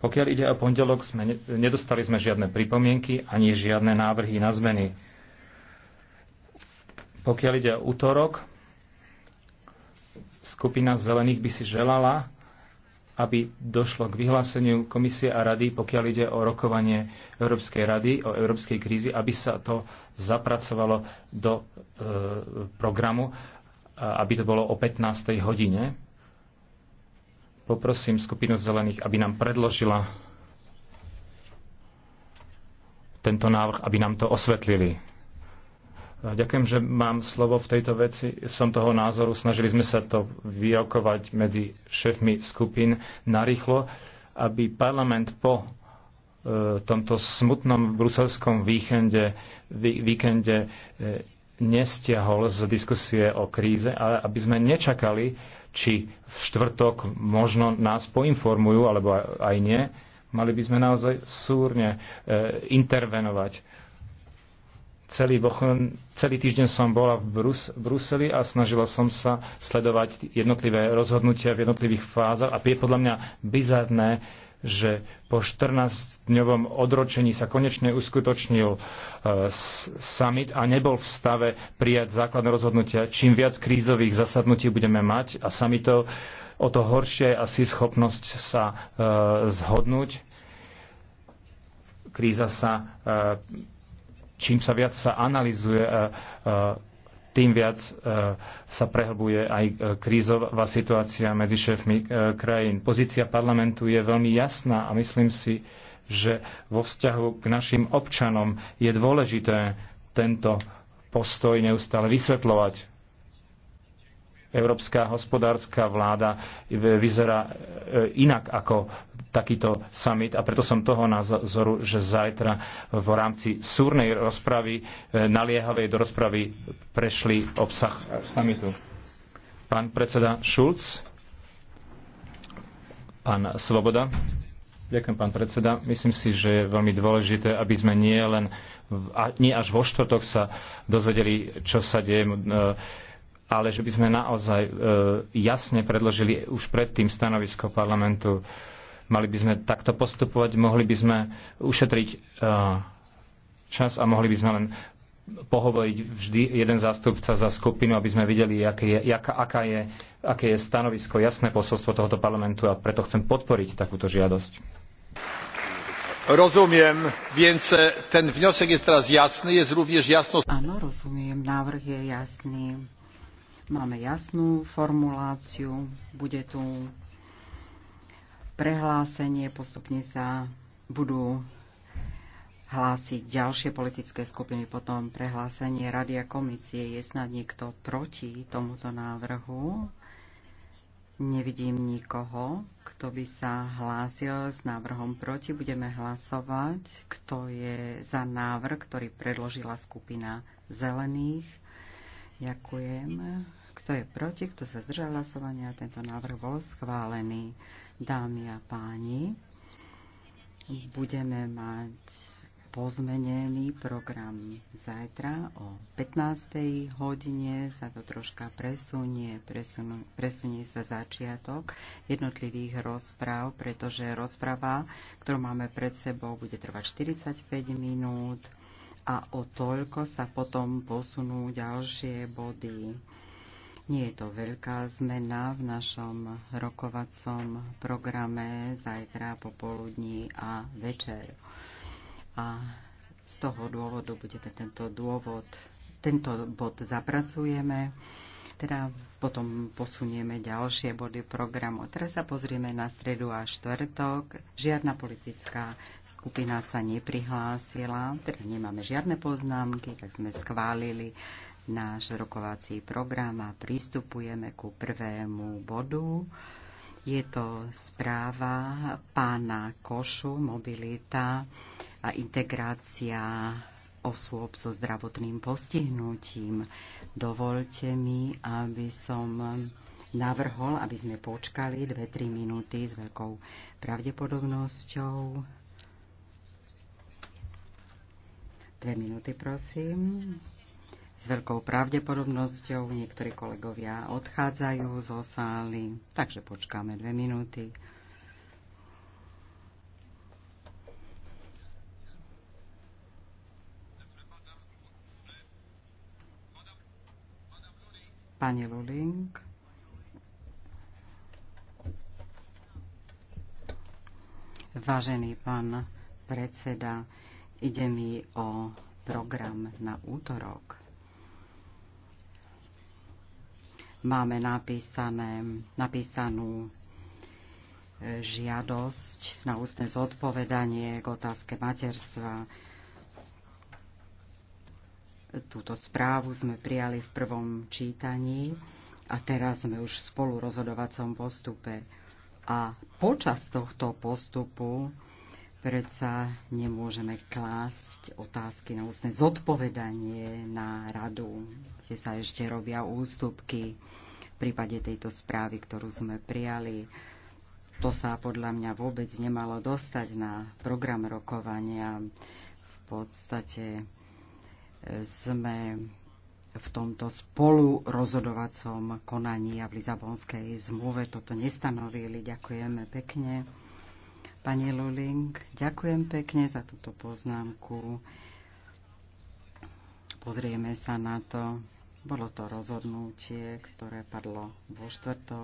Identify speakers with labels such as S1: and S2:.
S1: Pokiaľ ide o pondelok, sme, nedostali sme žiadne pripomienky ani žiadne návrhy na zmeny. Pokiaľ ide o útorok, skupina zelených by si želala, aby došlo k vyhláseniu komisie a rady, pokiaľ ide o rokovanie Európskej rady o európskej krízi, aby sa to zapracovalo do e, programu, aby to bolo o 15. hodine Poprosím skupinu zelených, aby nám predložila tento návrh, aby nám to osvetlili. Ďakujem, že mám slovo v tejto veci. Som toho názoru, snažili sme sa to vyrokovať medzi šéfmi skupín narýchlo, aby parlament po e, tomto smutnom bruselskom víkende, víkende e, nestiahol z diskusie o kríze, ale aby sme nečakali, či v štvrtok možno nás poinformujú, alebo aj nie, mali by sme naozaj súrne eh, intervenovať Celý, bochon, celý týždeň som bola v Brus, Bruseli a snažila som sa sledovať jednotlivé rozhodnutia v jednotlivých fázach a je podľa mňa bizarné, že po 14-dňovom odročení sa konečne uskutočnil e, summit a nebol v stave prijať základné rozhodnutia. Čím viac krízových zasadnutí budeme mať a summitov, o to horšie je asi schopnosť sa e, zhodnúť. Kríza sa e, čím sa viac sa analizuje, tým viac sa prehlbuje aj e, krízová situácia medzi šéfmi e, krajín. Pozícia parlamentu je veľmi jasná a myslím si, že vo vzťahu k našim občanom je dôležité tento postoj neustále vysvetľovať. Európska hospodárska vláda vyzerá e, inak ako takýto summit a preto som toho názoru, že zajtra v rámci súrnej rozpravy, e, naliehavej do rozpravy prešli obsah summitu. Pán predseda Šulc, pán Svoboda. Ďakujem, pán predseda. Myslím si, že je veľmi dôležité, aby sme nie len nie až vo štvrtok sa dozvedeli, čo sa deje e, ale že by sme naozaj e, jasne predložili už predtým stanovisko parlamentu. Mali by sme takto postupovať, mohli by sme ušetriť e, čas a mohli by sme len pohovoriť vždy jeden zástupca za skupinu, aby sme videli, aké je, jaká, aká je, aké je stanovisko, jasné posolstvo tohoto parlamentu a preto chcem podporiť takúto žiadosť. Rozumiem, więc e, ten wniosek jest teraz jasny, jest również jasno... Áno,
S2: rozumiem, návrh je jasný. Máme jasnú formuláciu, bude tu prehlásenie, postupne sa budú hlásiť ďalšie politické skupiny, potom prehlásenie Rady a komisie. Je snad niekto proti tomuto návrhu? Nevidím nikoho, kto by sa hlásil s návrhom proti. Budeme hlasovať, kto je za návrh, ktorý predložila skupina zelených. Ďakujem. Kto je proti, kto sa zdržal hlasovania, tento návrh bol schválený. Dámy a páni, budeme mať pozmenený program zajtra o 15. hodine sa to troška presunie, presunie, presunie sa začiatok jednotlivých rozpráv, pretože rozprava, ktorú máme pred sebou, bude trvať 45 minút a o toľko sa potom posunú ďalšie body. Nie je to veľká zmena v našom rokovacom programe zajtra popoludní a večer. A z toho dôvodu budete tento dôvod tento bod zapracujeme, teda potom posunieme ďalšie body programu. Teraz sa pozrieme na stredu a štvrtok. Žiadna politická skupina sa neprihlásila, teda nemáme žiadne poznámky, tak sme schválili náš rokovací program a pristupujeme ku prvému bodu. Je to správa pána Košu, mobilita a integrácia osôb so zdravotným postihnutím. Dovolte mi, aby som navrhol, aby sme počkali 2-3 minúty s veľkou pravdepodobnosťou. Dve minúty, prosím. S veľkou pravdepodobnosťou niektorí kolegovia odchádzajú zo sály, takže počkáme dve minúty. Pani Luling. Vážený pán predseda, ide mi o program na útorok. Máme napísané, napísanú e, žiadosť na ústne zodpovedanie k otázke materstva Túto správu sme prijali v prvom čítaní a teraz sme už v spolurozhodovacom postupe. A počas tohto postupu predsa nemôžeme klásť otázky na ústne zodpovedanie na radu, kde sa ešte robia ústupky v prípade tejto správy, ktorú sme prijali. To sa podľa mňa vôbec nemalo dostať na program rokovania. V podstate sme v tomto spolu rozhodovacom konaní a v Lizabonskej zmluve toto nestanovili. Ďakujeme pekne. Pani Luling, ďakujem pekne za túto poznámku. Pozrieme sa na to. Bolo to rozhodnutie, ktoré padlo vo štvrtok